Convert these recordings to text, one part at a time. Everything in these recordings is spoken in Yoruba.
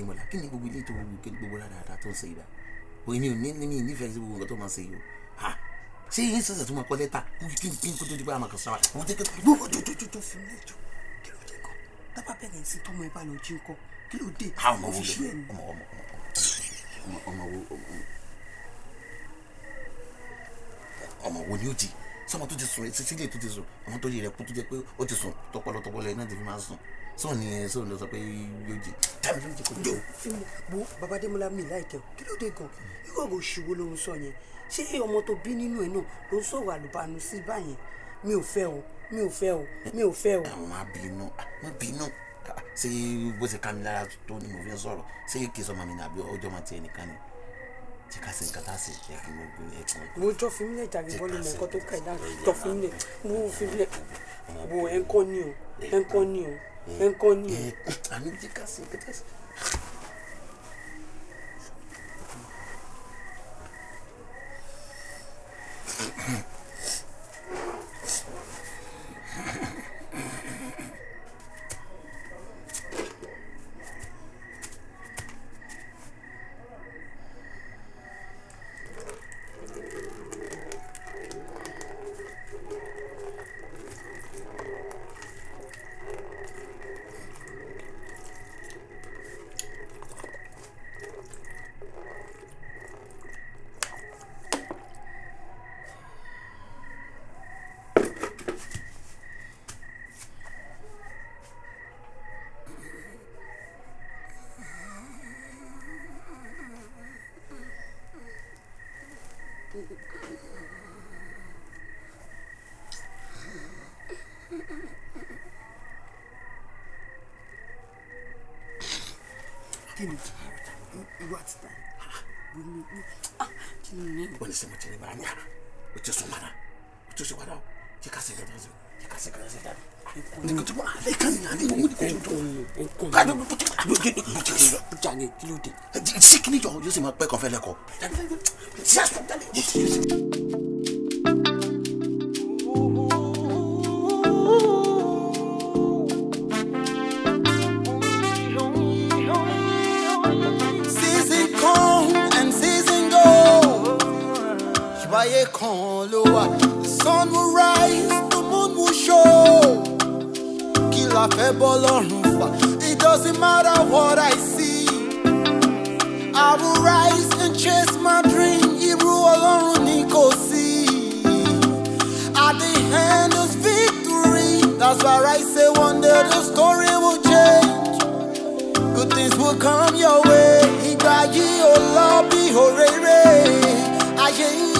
tí mo là kí ni gbogbo ilé tó gbogbo kí ni gbogbo dáadáa tó ń ṣe ibà òye mi ò ní ní mi nífẹ̀ẹ́ sí gbogbo nǹkan tó máa ń ṣe o ha ṣé yín sẹ̀sẹ̀ tó máa kọ́ lẹ́tà kí ni kí ni kó tó di pé a máa kàn sára àwọn tẹ́kẹ́ gbogbo tó tó tó tó fún mi jù kí ló dé kọ́ tábà bẹ̀rẹ̀ sí tọmọ ẹ bá lọ jí nǹkan kí ló dé òfìṣú ẹ̀ ọmọ ọmọ ọmọ ọmọ wo ni ó di sọmọ tó ti sùn sílé tó ti sùn ọmọ tó yẹ rẹ kú tó jẹ pé ó ti sùn tọpọlọ tọpọlọ ẹ náà ti fi máa sùn sọ ni ẹ sọ lọ sọ pé yóò jẹ tàbí yóò jẹ kó jọ. wo baba demola mi láìkẹ o kí ló dé gan irú ọgọ òṣìwò ló ń sọ yẹn ṣé ọmọ tó bí nínú ẹ náà ló ń sọ̀rọ̀ àlùbánu sí báyẹn mi ò fẹ́ o mi ò fẹ́ o mi ò fẹ́ o. àwọn máa bínú máa ah, bínú ah, ṣé bó ṣe ká mi lára tó ni mo fi ń sọ̀rọ̀ ṣé kì í sọ màmí nàbí ọjọ́ máa ti ẹnìkan ni tí ká ṣe nǹkan tá a ṣe ẹ kí mo gbé ẹ kàn. mo jọ fi mílẹ̀ jàre bọ́ọ̀lù mọ̀ nǹkan tó kà ẹ̀ dáhùn jọ fi mílẹ̀ mo fi mílẹ̀ wo ẹ̀ ń kọ́ ni o ẹ̀ ń kọ́ ni o. 健康に、えー、えー、短すぎです Ah, ah, kí ni ìwọ àti ta ni mo ní kí ni mi. wọ́n lè sẹ́wọ́n tẹ̀lé mara ní ara ah, o ti sùn mara o ti sùn mara o o jẹ ká sẹ́yìn dáná sọ jẹ ká sẹ́yìn dáná sọ dáná. nǹkan tó bá ẹ kàn yín àdéhùn mú ní kò tó tó kájọ bí bùtù ló dé ló ti sọ. bùjà ni kí ló dé. sí kí ni jọ yóò sì máa pẹ́ kàn fẹ́ lẹ́kọ̀ọ́. ayé kan ló wà. the sun will rise the moon will show. kí la fẹ́ bọ́ lọ́rùn fà. it doesn't matter what I see. I will rise and chase my dream. Irú Ọlọ́run ni kò sí. At the end is victory. That's why I say one day the story will change. Good things will come your way. Ìgbà yìí ò lọ bí òréré. Ayé yìí.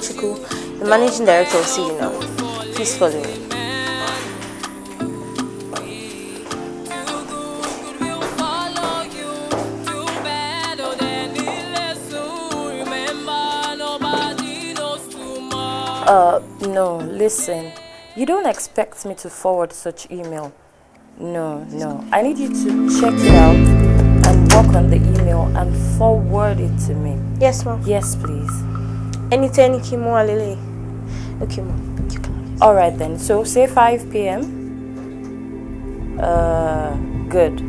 the managing director of CUNA. Please follow me. Uh, no, listen. You don't expect me to forward such email. No, no. I need you to check it out and work on the email and forward it to me. Yes, ma'am. Yes, please anything kimo alele okay mom all right then so say 5 p.m uh good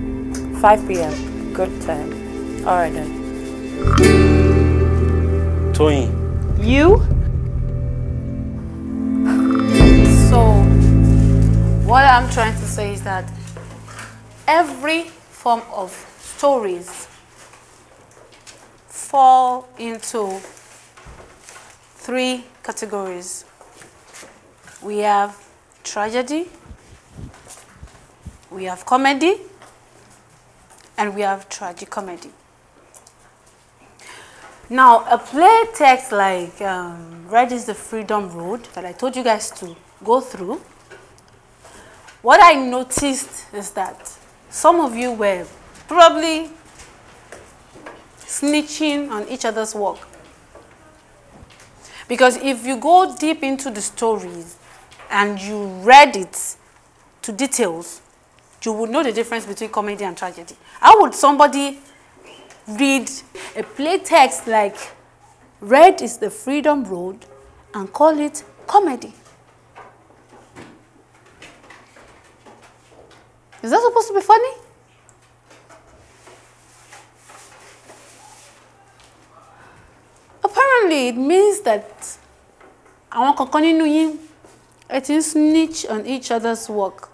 5 p.m good time all right then Toyin you so what i'm trying to say is that every form of stories fall into three categories. We have tragedy, we have comedy, and we have tragicomedy. Now, a play text like um, Red is the Freedom Road that I told you guys to go through, what I noticed is that some of you were probably snitching on each other's work. Because if you go deep into the stories and you read it to details, you would know the difference between comedy and tragedy. How would somebody read a play text like Red is the Freedom Road and call it comedy? Is that supposed to be funny? apparently it means that àwọn kankan nínú yín ẹ ti ń snitch on each other's work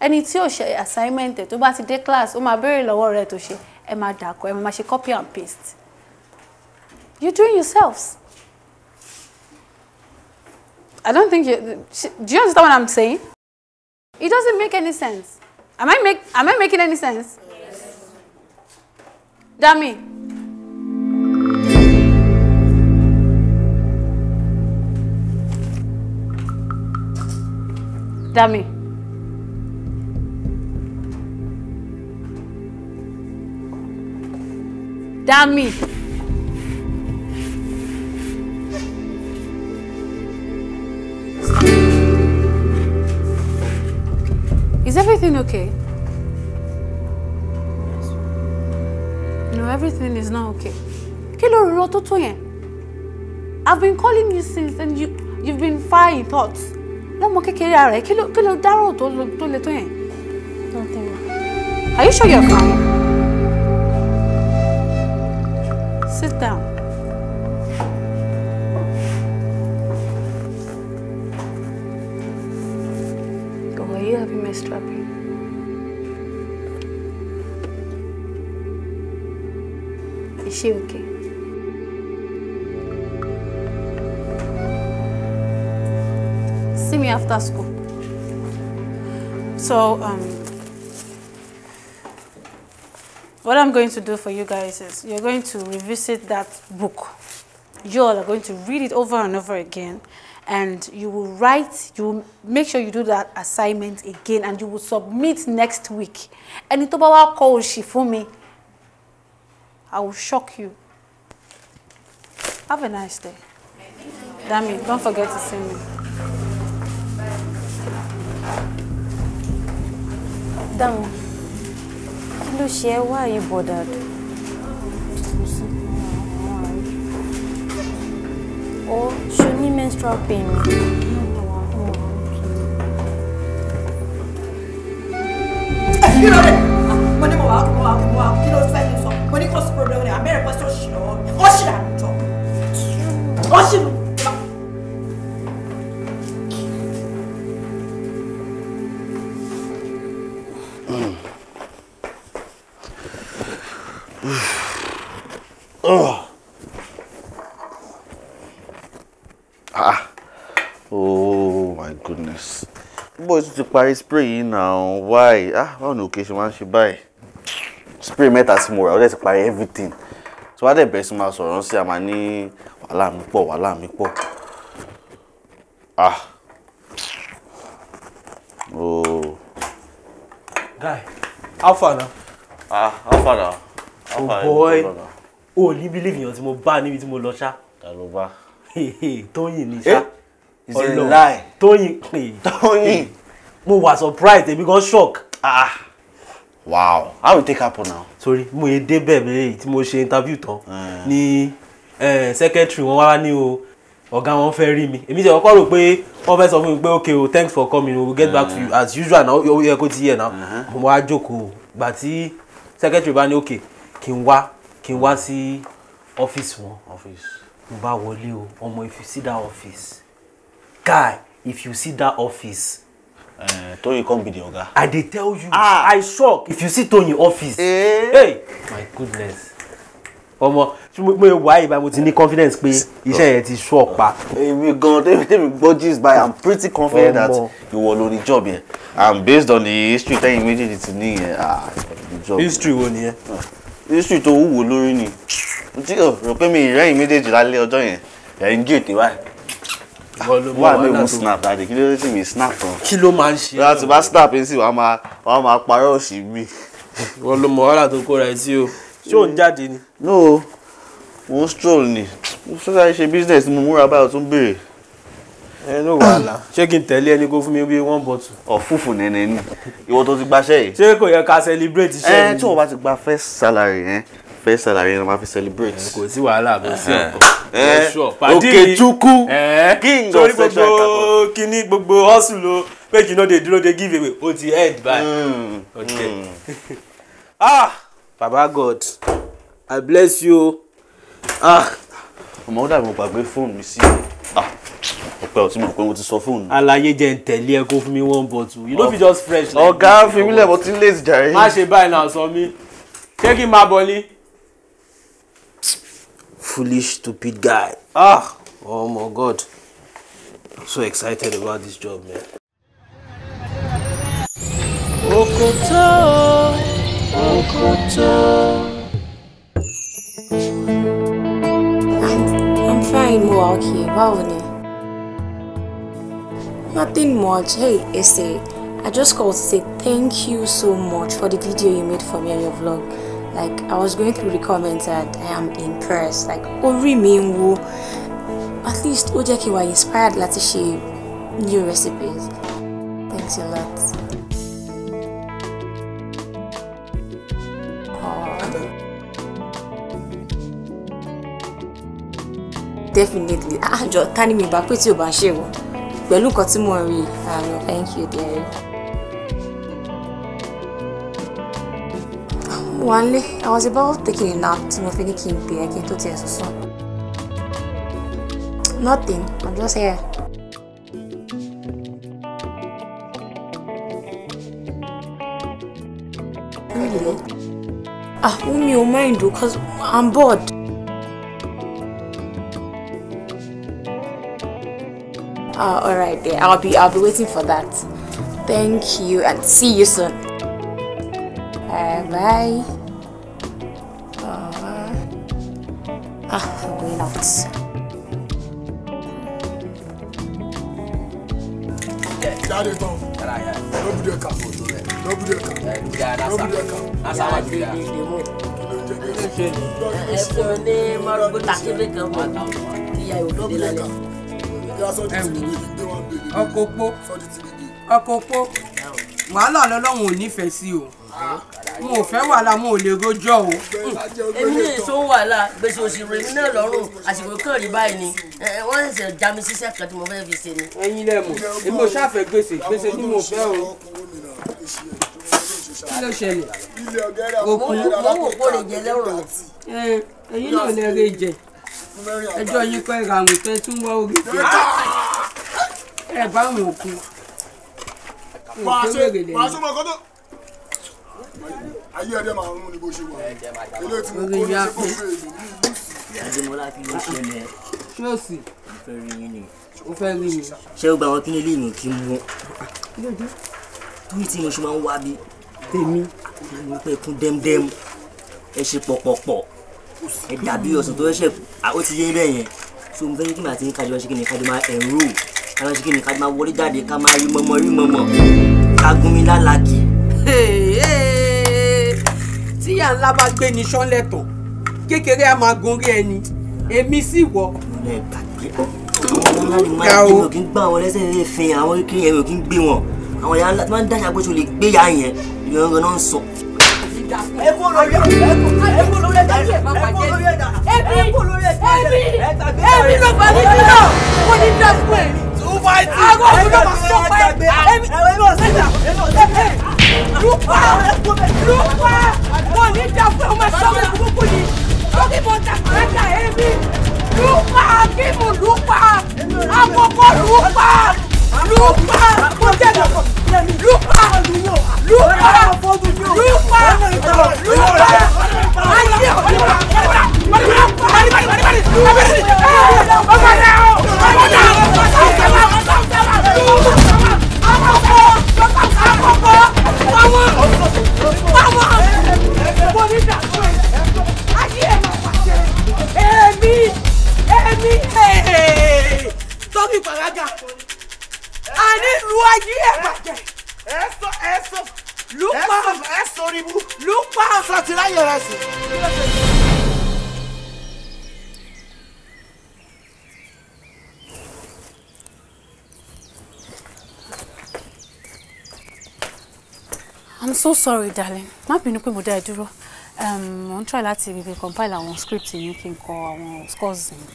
ẹni tí ò ṣe assignment ẹ tó bá ti dé class ó máa béèrè lọ́wọ́ rẹ tó ṣe ẹ máa dàkọ ẹ máa ṣe copy and paste you doing yourselves I don't think you do you understand what I'm saying it doesn't make any sense am I make am I making any sense yes. Dami. Dami. Dami. Is everything okay? No, everything is not okay. Kilo, ló rò tó I've been calling you since and you, you've been far in thoughts. lọ́mọ kékeré rẹ̀ kí ló dáràn tó le tó yẹn. Are you sure you're fine? Sit down. Girl, are you having Is she okay? me after school. So, um, what I'm going to do for you guys is you're going to revisit that book. You all are going to read it over and over again and you will write, you will make sure you do that assignment again and you will submit next week. And tó bá call kọ for me, I will shock you. Have a nice day. Dami, don't forget to see me. dáhùn kí ló ṣe ẹ wá yìí bọ̀dà dùn. ó ṣo ní menstrual pain ni. kí ló dé mo ní mo wà mo wà mo wà kí ló fẹ́ yín sọ mo ní kò sí problem ní abẹ́rẹ́ pẹ́sẹ́ òṣìṣẹ́ lọ́wọ́ ó ṣì àtọ̀ ó ṣì ti parí spray yìí náà why ah báwo ni òkè ṣe máa ń ṣe báyìí spray mẹ́ta tí mo rà ó dẹ̀ ti parí everything tí wàá dẹ̀ bẹ̀rẹ̀ sí máa sọ̀rọ̀ sí àmà ní wàhálà mi pọ̀ wàhálà mi pọ̀ ah ooo. Oh. guy how far now. ah how far now. oh boy o ò ní bílíìfì yàn tí mo bá níbi tí mo lọ ṣá. ta ló bá. tóyìn ni ṣá. is eh, it a lie. tóyìn. tóyìn mo wà surprised èmi gan shock ah, ah. wow how e take happen now. sorry mo ye débẹ̀ mi tí mo ṣe interview tán eh. ní eh, secretary wọn wá ní o ọ̀gá wọn fẹ́ rí mi èmi ti ọkọ rò pé wọ́n fẹ́ sọ fún mi pé okay o thanks for coming o we get back to you eh. as usual na ó yẹ kó ti yẹ na uh-huh. mo wá jókòó gbà tí secretary bá ní okay kí n wá kí n wá sí ọ́fíìsì wọn mo bá wọlé o ọmọ if you see that office guy if you see that office Uh, eh, Toyin come be the oga. I dey tell you. Ah. I shock if you see Toyin office. Eh. Hey. My goodness. Ọmọ tí mo mo wá ibà mo ti ní confidence pé iṣẹ́ yẹn ti sú ọ̀pá. Èmi gan tẹ́mi gbọ́ gist by I'm pretty confident that ìwọ ló ní job yẹn and based on the history tẹ́yìn méjèèjì ti ní yẹn ah the job. History wo nìyẹn? Ah, history tó wúwo lórí ni. Mo ti oh, rò pé mi ìrẹ́yìn méjèèjì lálẹ́ ọjọ́ yẹn ẹ̀ ń gé ètè báyìí wà ní òun snap dáadé kí ló dé sí mi snap tán. kí ló máa ń ṣe. láti bá snap yín sí wàá máa wàá máa parọ́ òsì mi. wọ́n ló mọ wàhálà tó kóra ẹ̀ sí o ṣé òun jáde ni. no mo ń stroll ni mo sọ́sà ṣe business mo múra báyọ̀ tún béèrè. ẹ ní wàhálà ṣé kí n tẹ̀lé ẹni kó fún mi bí one bottle. ọ̀fúfù nẹ́nẹ́ ni ìwọ tó ti gbaṣẹ́ yìí. ṣé kò yẹ ká celebrate iṣẹ́ mi. ẹ tí wọn bá ti gba first salary yẹn eh? first salary ni wọ́n fi celebrate. kò sí wàhálà kò sí ọ̀pọ̀. Okechukwu king of section kakọ. torí gbogbo kini gbogbo hustle o make you no dey dúró dey give away o ti head by. Hmm, hmm. ah baba god i bless you ah. ọmọ ó dàbí mo gbàgbé fóònù mi sí ah, ọpẹ ọtí mọ pé mo ti sọ fóònù. àlàyé jẹ ń tẹ̀lé ẹ kó fún mi one bottle you no fit just fresh. ọ̀gá fi wílẹ̀ mo ti lè jàre. má ṣe báyìí náà sọ mí ṣé kí n máa bọ̀ ni. foolish, stupid guy. Ah, oh my God. I'm so excited about this job, man. Okoto, Okoto. I'm fine, Milwaukee. you? Nothing much. Hey, Essay. I just called to say thank you so much for the video you made for me on your vlog. Like I was going through the comments and I am impressed. Like Ori Minwu, at least Ojeki inspired láti ṣe new recipes. Thanks a lot. Definitely. Àjọ tani turning me back with you, but look wọ̀ more. nǹkan Thank you, dear. Wanley, I was about taking a nap to move fi ní kí Can pè ẹ́ kí n Nothing, I'm just here. Really? Ah, Wunmi, o mind o, cause I'm bored. Ah, alright then, I'll be, I'll be waiting for that. Thank you and see you soon. bye. out. jáde tán lóbìdí ẹ̀ka fòtò rẹ̀ lóbìdí ẹ̀ka lóbìdí ẹ̀ka lóbìdí ẹ̀ka ẹ fún mi ní mọ́rọ́gbó takébé kan mọ́ ìyá yóò dé lálẹ́. ọkọ̀ òpó ọkọ̀ òpó wàhálà lọ́lọ́run ò nífẹ̀ẹ́ sí o ah. n ò fẹ́ wàhálà mo ò lè rojọ́ o èmi náà èso ń wàhálà gbèsè òṣèrò èmi náà lọ́rùn àsìkò kàn rí báyìí ni wọ́n ṣẹ̀ṣẹ̀ já mi síṣẹ́ kan tí mo fẹ́ fi ṣe ni. ẹ̀yin lẹ mọ̀ èmi ò ṣàfẹ́ gbèsè gbèsè ni mo fẹ́ o kí ló ṣẹlẹ̀ òkun mo wò kó lè jẹ lẹ́rọ̀ ẹ̀yin náà lè rè jẹ ẹjọ́ yín pẹ́ ra àwọn ìfẹ́ tún wọ́n orí jẹ ah! ẹ bá wọn òkun òkun lè rè lẹ́yìn ayé ẹ̀rẹ́ máa rún ni bó ṣe wà ilé tí mo kó ní ṣe kó fẹ́ èlò ní ìlú adémọlá kí ló ṣẹlẹ̀. ṣọ́ọ̀ṣì. mo fẹ́ rí yín ni. mo fẹ́ rí yín. ṣé o gba àwọn kílélì mi kí n mú. torí tí mo ṣe máa ń wá bí tèmi mo pẹ́ kún dẹ́mdẹ́m ẹ ṣe pọ̀pọ̀pọ̀ ẹ dàbí ọ̀sán tó ṣẹ̀ ó ti yé bẹ́ẹ̀ yẹn so mo fẹ́ kí màá ti kájọ ṣe kí ni kájọ máa ẹ̀rù ká ṣe kí ni ká máa wọlé jáde ká máa rí mọ́mọ́ rí mọ́mọ́ ká mi lálàkì tíyà ńlá bá gbé ni sánlẹ̀ tán kékeré a máa gun ẹni èmi sì wọ. ga o ọmọ kí n gbá àwọn lẹ́sẹ̀ lè fi àwọn kí ẹ̀rọ kí n gbé wọn àwọn yàrá tí wọ́n ń dájà pé gbé ya yẹn ìrọ̀rùn náà ń sọ. ẹbí ló bá mi bí mo ní dákú àwọn ọmọ sọ pé ẹbí ẹbí ló sẹ́jà ẹbí. Lupa! Lupa! Wọ́n ní dá fún ọmọ sọ́wọ́ ìkúkú ni. Lókè mọ̀ dàgbàdà ẹ̀mí. Lupa! Kímù Lupa! Àkọ́kọ́ Lupa! Lupa! Mo jẹ́ lupa, Lupa! Lupa! Lupa! Lupa! Ayé Lupa! Bari bari bari bari! Lupa! Ọmọ náà! Ọmọ náà! Lupa! Báwọn! Báwọn! Mo ní dàgbọ́ ẹ̀. Ayé ẹ̀ máa pàṣẹ. Èmi! Èmi! Tọ́kì pàrágà. A nílùú ayé ẹ̀ bàjẹ́. Ẹ sọ ẹ sọ. Lupa! Ẹ sọ ẹ sọ ribu. Lupa! Sọtìláyẹ̀ rẹ̀ sí. I'm so sorry darling má bínú pé mo dá ẹ dúró mo ń try láti bèbè compile àwọn script yìí kí n kọ àwọn scores yìí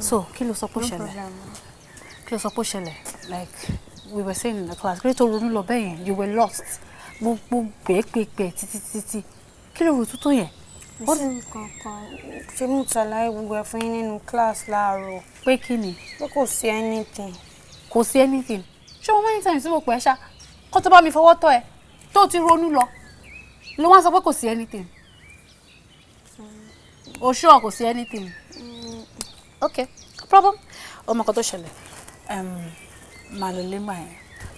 so kí ló sọ pé ó ṣẹlẹ̀ kí ló sọ pé ó ṣẹlẹ̀ like we were saying in the class kí ló tó ronú lọ bẹ́ẹ̀ yẹn you were lost gbogbo gbẹ́gbẹ́gbẹ́ títí títí kí ló rò tútó yẹn. ó sì ń kankan ṣé mo ṣàlàyé gbogbo ẹ fún yín nínú class láàárọ̀. pé kí ni. pé kò sí anything. kò sí anything ṣé wọn mọ anytime tí mo pẹ́ ṣá kó tó bá mi fọwọ́ tọ́ ẹ tó ti ronú lọ ló wá sọ pé kò sí anything o sure kò sí anything. Mm, ok no problem ọmọ kan tó ṣẹlẹ̀ màá lọ lé màá yẹn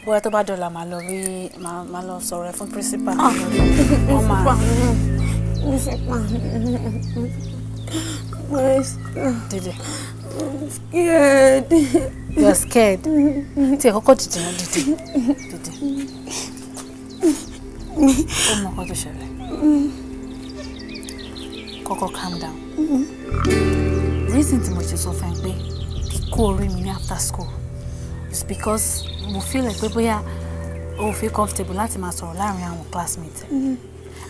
bóyá tó bá dọ̀là màá lọ rí màá lọ sọ̀rọ̀ ẹ̀ fún principal. Ah. Dìde. I'm scared. You're scared. Tí ẹ kọ́kọ́ dìde náà dìde. Dìde. Oh my God, Sherry. Coco, calm down. Reason to mo ṣe sọ fún ẹ pé kíkó after school is because mo feel like people here, o feel comfortable not láti máa sọ̀rọ̀ láàrin àwọn classmates.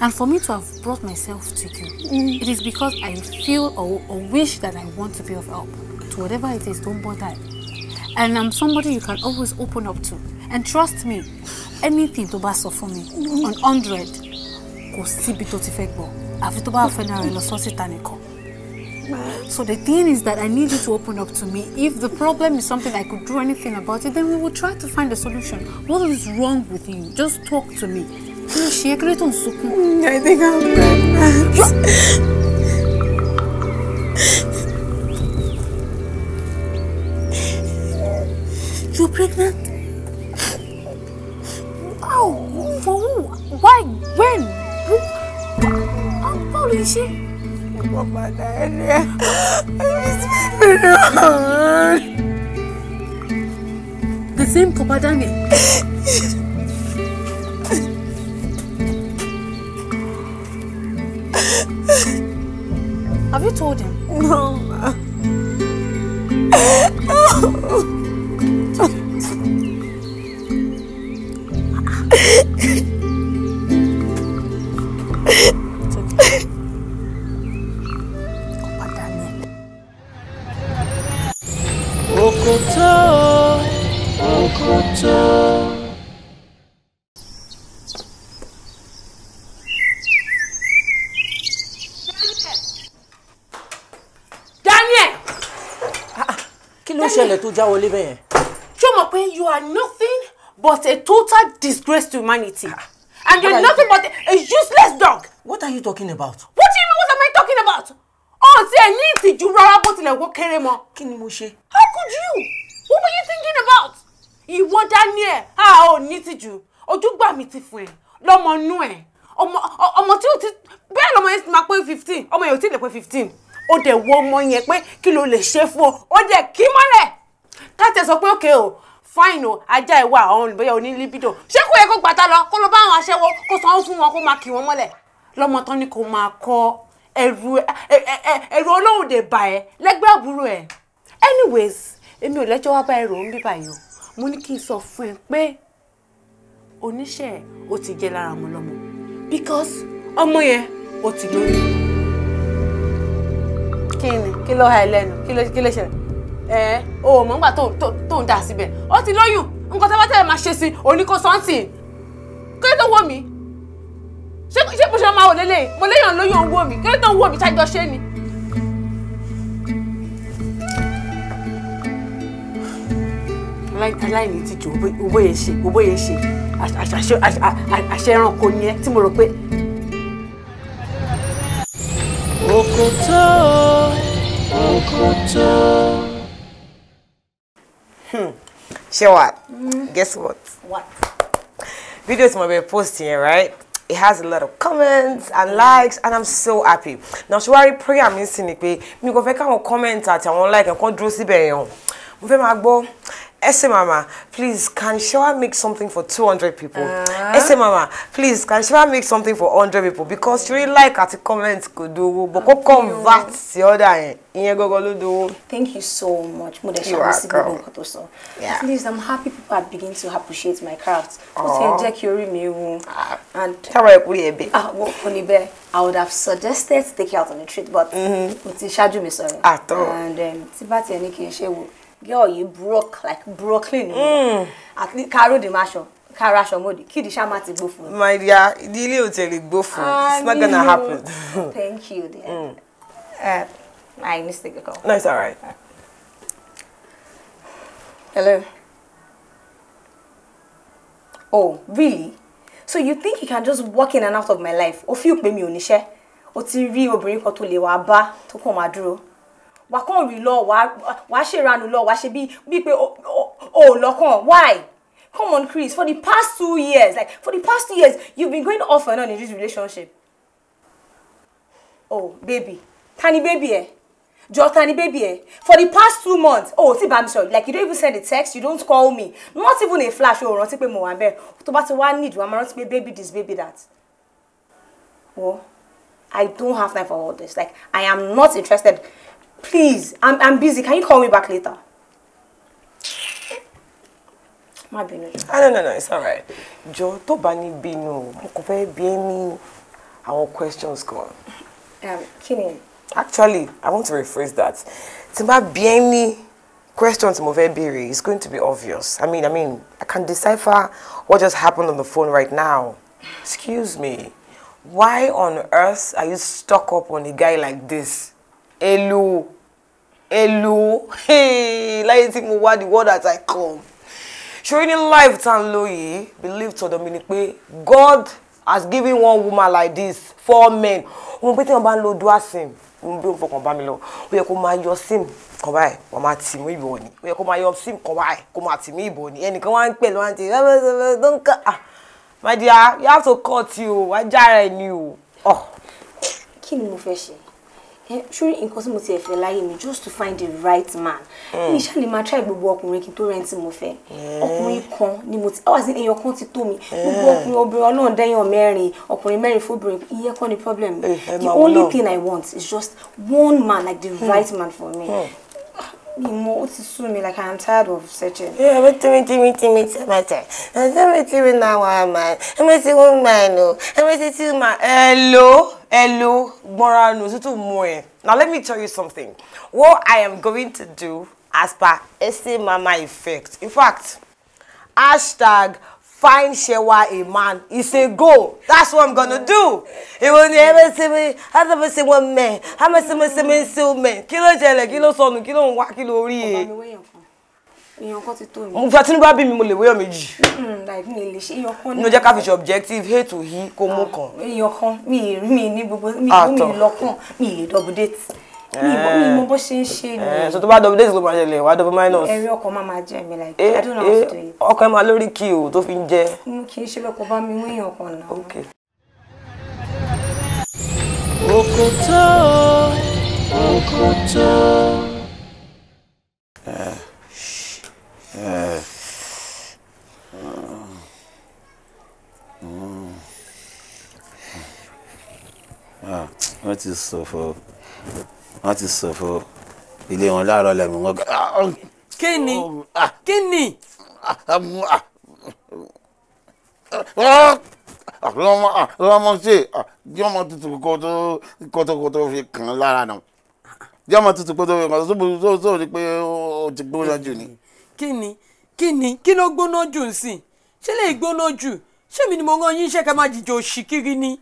And for me to have brought myself to you, mm. it is because I feel or, or wish that I want to be of help to whatever it is, don't bother. And I'm somebody you can always open up to. And trust me, anything to bá sọ for me? on hundred kò síbi tó ti fẹ́ gbọ́ àfi tó bá fẹ́ náà rẹ lọ sọ síta nìkan. So the thing is that I need you to open up to me. If the problem is something I could do anything about it, then we will try to find a solution. What is wrong with you? Just talk to me. She agreed on soup. I think I'm pregnant. You're pregnant? ṣe mo padà ẹni ẹ the same Papa Daniel. Have you told him? No. já wọlé bẹ́yẹn. ṣé you are nothing but a total disgrace to humanity ah. and you're nothing but a useless dog. what are you talking about. what do you mean what am I talking about. ọ̀hún tí ẹ̀ ní ìtìjú rárá bó tilẹ̀ kó kéré mọ́. kí ni mo ṣe. how could you what were you thinking about. ìwọ Daniel a ò ní tìjú ojúgbà mi ti fún ẹ lọ́mọ inú ẹ ọmọ ọmọ tí o ti bẹ́ẹ̀ lọ́mọ yẹn ti máa pé fifteen ọmọ yẹn ò tí ì lè pé fifteen ó dẹ̀ wọ ọmọ yẹn pé kí ló lè ṣe fún ọ ó dẹ̀ kí mọ́lẹ̀ káàtẹ sọ pé òkè o fáìn o ajá ìwà àwọn olùbẹ́yà oní libido ṣé kò yẹ kó gbàtà lọ kó lọ bá àwọn aṣẹ́wó kó sanwó fún wọn kó máa kì wọ́n mọ́lẹ̀ lọ́mọ tán ni kò máa kọ ẹ̀rù ẹ̀rù olóòdè bà ẹ́ lẹ́gbẹ́ àbúrò ẹ̀ anyways èmi ò lẹ́jọ́ wá bá ẹ̀rù ń bí báyìí o mo ní kí n sọ fún ẹ pé oníṣẹ́ ò ti jẹ́ lára ọmọ lọ́mọ because ọmọ yẹn ò ti lóyún. kí ni kí ló ha ẹ lẹ́nu kí ló ṣẹlẹ̀ ẹ o mọ̀ nígbà tó ń dà síbẹ̀ ó ti lóyún nǹkan tó bá tẹ̀lé máa ṣe sí oníkóṣọ́ǹtì kí ló tó wò mí ṣé mo ṣe máa wò lélẹ̀ mo léyàn lóyún òun wò mí kí ló tó wò mí ṣáájú ọṣẹ́ ni. aláìní ti jù owó yẹn ṣe owó yẹn ṣe àṣẹ ẹranko ni ẹ tí mo rò pé. òkòtó òkòtó. Hmm. Shewat, mm. Mm-hmm. guess what? What? Videos my been posting, right? It has a lot of comments and mm-hmm. likes, and I'm so happy. Now, ṣé I pray? I'm missing it. ni pé mi kò fẹ́ káwọn comment àti like nǹkan dúró síbẹ̀ yẹn o. Mo fẹ́ Ese Mama, please, can Shewa make something for 200 people? Uh. Ese Mama, please, can Shewa make something for 100 people? Because you really like at the comments could do, but kò convert the other. yẹn. Ìyẹn gógó ló Thank you so much. You are a girl. gbogbo nǹkan I'm happy people are beginning to appreciate my craft. Ó ti ẹ jẹ́ kí orí mi wú. Táwọn ẹ̀kú rí ẹ̀bẹ̀. Àwọn ah, kò ní I would have suggested take you out on a treat but mo mm-hmm. ti ṣáájú mi I Àtọ̀. And um, tí bá tiẹ̀ ní kì í ṣe wò girl you broke like Brooklyn mm. at least karo di maṣọ kara aṣọ mòdì kídi ṣá má ti my dear ilé ò tẹ̀lé gbófo it's not gonna happen. thank you dear. Mm. Uh, eh, I mistake to a call. no it's alright. Uh. hello. oh really so you think you can just walk in and out of my life o fi pè mí ò níṣẹ́ o ti rí obìnrin kan tó lè wá bá tó kàn máa dúró wàá kàn rí lọ wàá ṣèranù lọ wàá ṣe bíi pé o lọ́kàn why come on Chris for the past two years like for the past two years you've been going off and on in this relationship oh baby tani baby eh? jọ tani baby eh? for the past two months oh ti bá mi like you don't even send a text you don't call me not even a flash o oh, rántí pé mo wà bẹ́ẹ̀ tó bá ti wá need wàá máa rántí pé baby this baby that wọ́n. Well, I don't have time for all this. Like, I am not interested Please, I'm, I'm busy. Can you call me back later? My bínú. Ah, no, no, no, it's all Jo, Jọ̀ọ́ bani bá ní bínú, mo kò fẹ́ questions gone. Um, kí Actually, I want to rephrase that. It's n bá questions mo fẹ́ béèrè, it's going to be obvious. I mean, I mean, I can decipher what just happened on the phone right now. Excuse me. Why on earth are you stuck up on a guy like this? hello hello hey láyé tí mo wá the word that i come ṣorí ní life tá n yìí believe tọ̀dọ̀ mi ni pé god has given one woman like this four men òun pé tí wọn bá ń lo dua sim òun bí òun fọkàn bá mi lọ ó yẹ kó máa yọ sim kan báyìí wọn máa tì mú ìbọn ni ó yẹ kó máa yọ sim kan báyìí kó máa tì mú ìbọn ni ẹnìkan wá ń pè lọ́wọ́ àti don't cut ah my dear you have to cut you ajá rẹ ni o. Oh. kí ni mo fẹ́ ṣe Sure, in tí mo ti ẹ̀fẹ̀ láyé mi just to find the right man hmm. mi ṣáà lè máa try gbogbo ọkùnrin kí n tó rẹ́ǹtì mo fẹ́ hmm. ọkùnrin kan ni mo ti ọ wá sí èèyàn kan ti tó mi hmm. gbogbo ọkùnrin obìnrin ọlọ́run dẹ́yàn mẹ́rin ọkùnrin mẹ́rin fóbìnrin ìyẹn kọ́ ni problem eh, the only thing I want is just one man like the right man for me mi mo ó ti me. like i'm tired of searching. ẹ bẹ tí mi tí mi tí mi tí mi tẹ ẹ tí mi tí mi náà wà máa ẹ mi tí wọn máa nù ẹ mi tí tí ma. hello hello gbọ́nra nù tútù mú ẹ now let me tell you something what i am going to do as per ese mama effect in fact hashtag find Shewa a man. It's a goal. That's what I'm gonna do. He will never see me. I never see one man. I never see me see me see me. Kí ló jẹlẹ̀, kí ló sọnù, kí ló ń wá, kí ló rí e. Èèyàn kan ti tó mi. Mo fẹ́ tí ní bá bí mi, mo lè wéyàn méjì. Láìpẹ́ Mo jẹ́ ká fi ṣe objective, hate to he, kó mú ah, kan. Èèyàn kan, mi ì ní gbogbo, mi ì ah, lọ́kàn, mi ì double date mi ìmọ̀ eh. bó ṣe ń ṣe ni. Eh, so tó bá double date ló máa ṣẹlẹ̀ wá double minus. ẹ̀rí ọkọ̀ máa máa jẹ́ mi like eh, i don't know how to do it. ọkọ̀ ẹ máa lórí kí o tó fi ń jẹ. Mm, kì í ṣe bẹ́ẹ̀ kó bá mi wíyàn ọkàn náà. òkòtó òkòtó. Ah, what is so for? wọ́n ti ṣòfò ilé wọn láàárọ̀ lẹ́mú wọn. kí ni kí ni. lọ́mọ ṣe ah, jọ́mọ tutù kótókótó fi kàn án lára náà jọ́mọ tutù kótókótó fi kàn án sóbò sóbò rí pé ó ti gbóná jù ni. kí ni kí ni kí ló gbóná jù ń sìn ṣé lè gbóná jù ṣé mi ni mo rán yín iṣẹ́ ká má jìjọ òṣì ni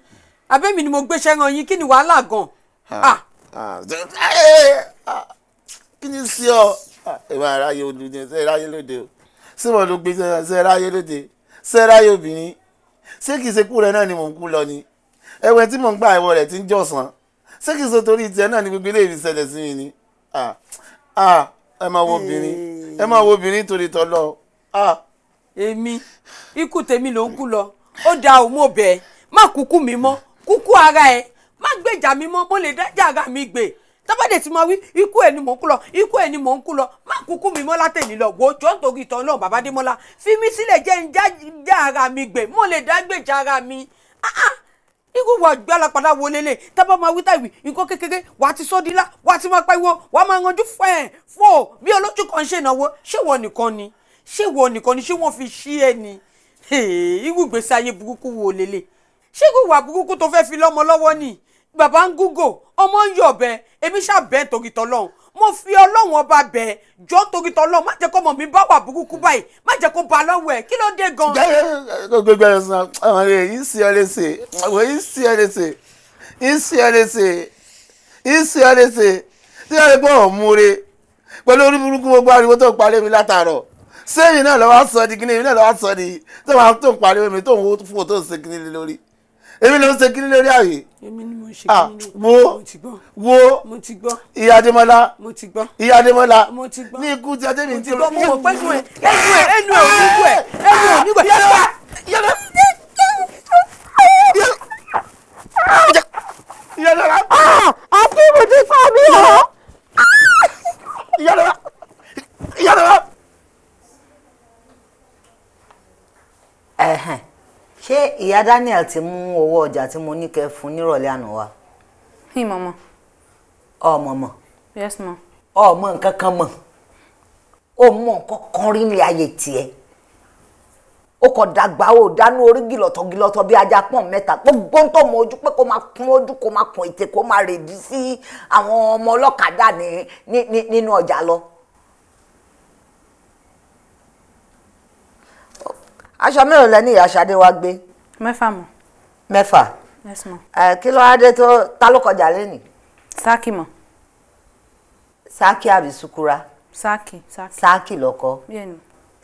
àbẹ́mi ni mo gbéṣẹ́ rán yín kí ni wàhálà gan-an. kí ni sí ọ ẹwà máa ráyè olùdíje ṣe ráyè lóde o ṣé wọn ló gbé ṣe ráyè lóde ṣe ráyè obìnrin ṣé kìí ṣe kú rẹ náà ni mò ń kú lọ ni ẹwẹ tí mò ń gba ìwọ rẹ ti ń jọ̀sán ṣé kìí ṣe torí náà ni gbogbo ilé sí mi ni ẹ máa wo obìnrin ẹ máa wo obìnrin torí ah, èmi ikú tèmi ló ń kú lọ ó da òun má kúkú mi kúkú ara ẹ̀ má gbèjà mi mọ́ mo lè dájà ara mi gbè tọ́bọ̀dé tí mo wí ikú ẹ̀ ni mò ń kú lọ ikú ẹ̀ ni mò ń kú lọ má kúkú mi mọ́lá tèmi lọ wò ó jọ́ nítorí ìtàn náà bàbá Adémọ́lá fi mí sílẹ̀ jẹ́ ń já ara mi gbè mo lè dá gbèjà ara mi ah, ah. irú wa gbalapadà wo lélẹ̀ tábà máa wí táìwì nǹkan kékeré wà á ti sọ́ dílá wà á ti máa pariwo wà á máa ranjú fún ẹ̀ fún ọ bí olójú kan ṣe ìnáwó ṣé wọ́n nìkan ni ṣé wọ́n nìkan ni ṣé wọ́n fi ṣí ẹ ni irú ìgbésí ayé burúkú wo lélẹ̀ ṣé irú ìwà burúkú tó fẹ́ fi lọ́mọ lọ́wọ́ nìyí bàbá ń gúgò ọmọ ń yọ̀ bẹ́ẹ̀ èmi ṣàbẹ́ torí tọ́lọ́hún mo fi ọlọ́run ọba bẹ̀ jọ torí tọ́lọ́hún má jẹ́ kó mọ̀ mi bá wà burúkú báyìí má jẹ́ kó ba lọ́wọ́ ẹ̀ kí ló dé gan. gbẹgbẹ ọsàn àwọn èèyàn yìí sí ọ lẹsẹ àwọn yìí sí ọ lẹsẹ yìí sí ọ lẹsẹ yìí sí ọ lẹsẹ tí wọ́n lè gbọ́ ọ̀hún múre pẹ̀lú orí burúkú gbogbo ariwo tó ń parí mi látàárọ̀ sẹ́yìn náà lọ́wọ́ sọ di di tó èmi ló ń ṣe kíní lórí ààyè. èmi ni mo ń ṣe ah, kíní lórí wo wo ìyá adémọlá ìyá adémọlá ní ikú tí adébíyí ti rọ. mo mọ̀ pé ẹnu ẹ̀ ẹnu ẹ̀ ẹnu ẹ̀ ẹnu ẹ̀ onígbẹ̀ ẹnu ẹ̀ onígbẹ̀. yàrá àti ibùdó fún mi ọ. yàrá yàrá. ẹ̀hẹ̀n ṣé ìyá Daniel ti mú owó ọjà tí mo ní kẹ́ fún nírọ̀lẹ́ àná wa. hi mama. ọmọ mọ. yes ma. ọmọ nǹkan kan mọ ó mọ nǹkan kan rí ní ayé tiẹ̀ ó kọ dàgbà ó dánú orí gìlọ̀tọ̀ gìlọ̀tọ̀ bí ajá pọ̀n mẹ́ta gbogbo ń tọ́ mọ ojú pé kó máa kún ojú kó máa kún ètè kó máa rèdí sí àwọn ọmọ ọlọ́kadà nínú ọjà lọ. aṣọ mélòó lẹ ní ìyá Ṣadé wá gbé. mẹ́fà mọ̀. mẹ́fà. yes mọ̀. ẹ kí ló wá dé tó ta ló kọjá lẹ́nì. sáàkì mọ̀. sáàkì àbí sukura. sáàkì sáàkì. sáàkì lọkọ. bẹ́ẹ̀ni.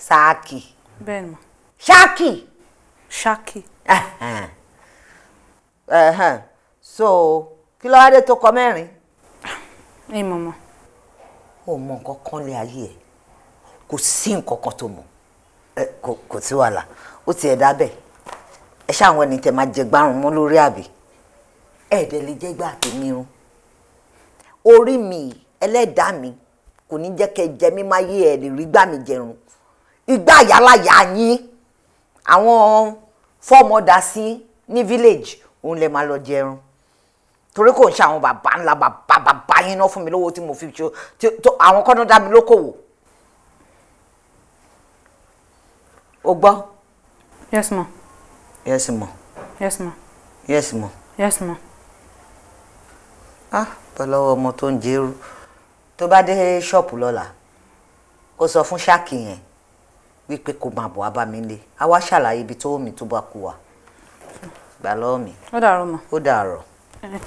sáàkì. bẹ́ẹ̀ni mọ̀. ṣáàkì. ṣáàkì. so kí ló wá dé tó kọ mẹ́rin. ẹ mọ̀ mọ̀. o mọ nǹkan kan lé ayé ẹ kò sí nǹkan kan tó mọ̀ ẹ eh, kò kò sí wàhálà ó tiẹ̀ dábẹ̀ ẹ ṣáwọn ẹni tẹ máa jẹ gbárùn mọ́ lórí àbí ẹ̀ẹ́dẹ̀ lè jẹ́ gbà tèmi run orí mi ẹlẹ́dàá mi kò ní jẹ́ kẹ́ jẹ mí máa yé ẹ̀ lè rí gbà mí jẹun igbá àyáláyà yín àwọn fọ́mọdà sí ní village òun lè máa lọ jẹun torí kò ń ṣe àwọn bàbá ńlá bàbá bàbá yín náà fún mi lówó tí mo fi ṣe àwọn kọ́ńdọ́dá mi lókòwò o gbọ́. yes ma. yes ma. yes ma. yes ma. yes ma. ah tọ́lọ́wọ́ ọmọ tó ń jẹ́rú tó bá dé ṣọ́ọ̀pù lọ́la ó sọ fún ṣáàkì yẹn wípé kò máa bọ̀ abá mi lé a wá ṣàlàyé ibi tó omi tó bá kú wa gbà lọ́wọ́ mi. ó dàárọ̀ ma. ó dàárọ̀. Eh, eh.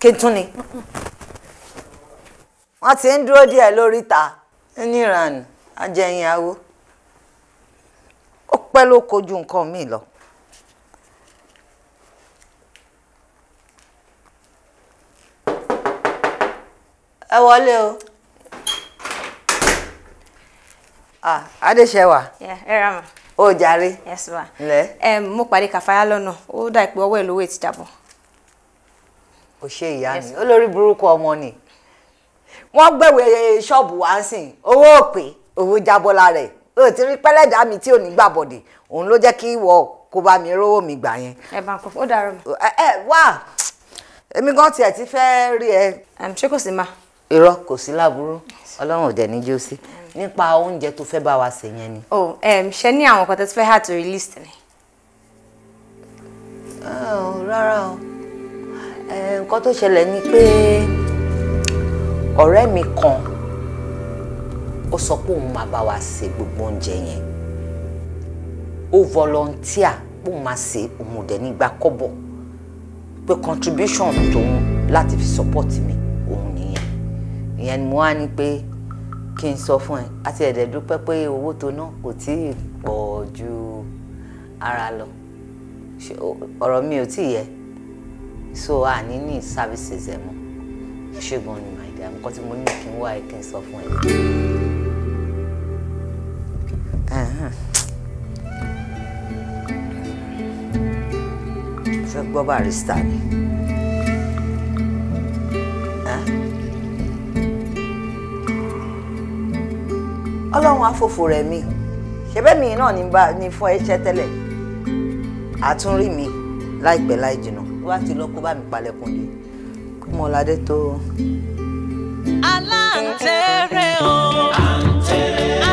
kí n tún ni mm, mm. wọ́n ti ń dúró díẹ̀ lóríta níranù ajẹyìn awo ó pẹ́ ló kojú nǹkan míì lọ. ẹ wọlé o. ah adéṣẹwà. ẹ rà mà. o jàre. yes ma. ǹlẹ́. ẹ mo pàdé kàfáyà lọ́nà ó dà pé ọwọ́ ẹ̀ lówó ètí jàbọ̀. kò ṣe ìyá mi olórí burúkú ọmọ ni wọ́n gbẹ̀wé ṣọ́ọ̀bù wá ń sìn owó òpè owó jábọ́ lára o ti rí pẹ́lẹ́dà mi tí ò ní gbàbọ̀dẹ̀ òun ló jẹ́ kí ìwọ kó bá mi rówó mi gbà yẹn. ẹ bá ń kọ ó dàrọ mi. ẹ ẹ wá èmi gan tiẹ̀ ti fẹ́ rí ẹ. ṣé kò sí ma. irọ́ kò sí láburú ọlọ́run ò dẹ̀ ní jó sí nípa oúnjẹ tó fẹ́ bá wa sè yẹn ni. o oh, ṣe ní àwọn kan tó ti fẹ́ hà torí list ni. rárá o nǹkan tó ṣẹlẹ̀ ni pé ọ̀rẹ́ mi kan ó sọ pé òun máa bá wa ṣe gbogbo oúnjẹ yẹn ó volunteer pé òun máa ṣe òun dẹ̀ nígbà kọ́bọ̀ pé contribution tòun láti fi support mi òun nìyẹn ìyẹn ni mo wá ní pé kí n sọ fún ẹ àti ẹ̀dẹ̀ dúpẹ́ pé owó tó ná kò tí ì pọ̀ ju ara lọ ọ̀rọ̀ mi ò tí ì yẹ so àní ní services ẹ̀ mọ́ ṣé gan ni my dear nǹkan tí mo ní kí n wá ẹ kí n sọ fún ẹ. fẹ́ gbọ́ barista ni. ọlọ́run afòfò rẹ̀ mi ṣẹ́bẹ́ mi náà ni fún ẹ ṣẹ́ tẹ́lẹ̀ àtúnrí mi láìpẹ́ láì jìnnà wá ti lọ kó bá mi palẹ̀kùn dé. Mọ̀ládé tó. Aláǹtẹ̀rẹ̀ o. Àǹtẹ̀rẹ̀.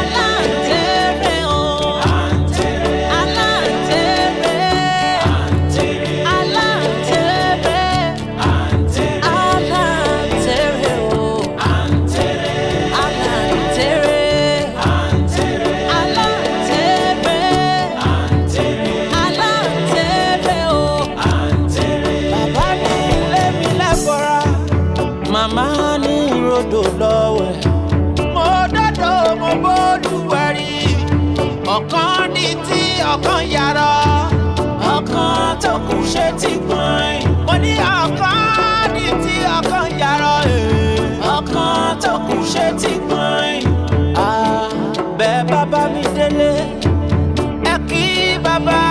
lọ́wọ́ mo dọ́dọ̀ mo bólúwẹ̀rí ọ̀kan ní tí ọ̀kan yàrá ọ̀kan tó kù ṣe ti gbọ̀n ẹ̀. mo ní ọ̀kan ní tí ọ̀kan yàrá ẹ̀ ọ̀kan tó kù ṣe ti gbọ̀n ẹ̀. bẹ́ẹ̀ bàbá mi délé ẹ kí bàbá.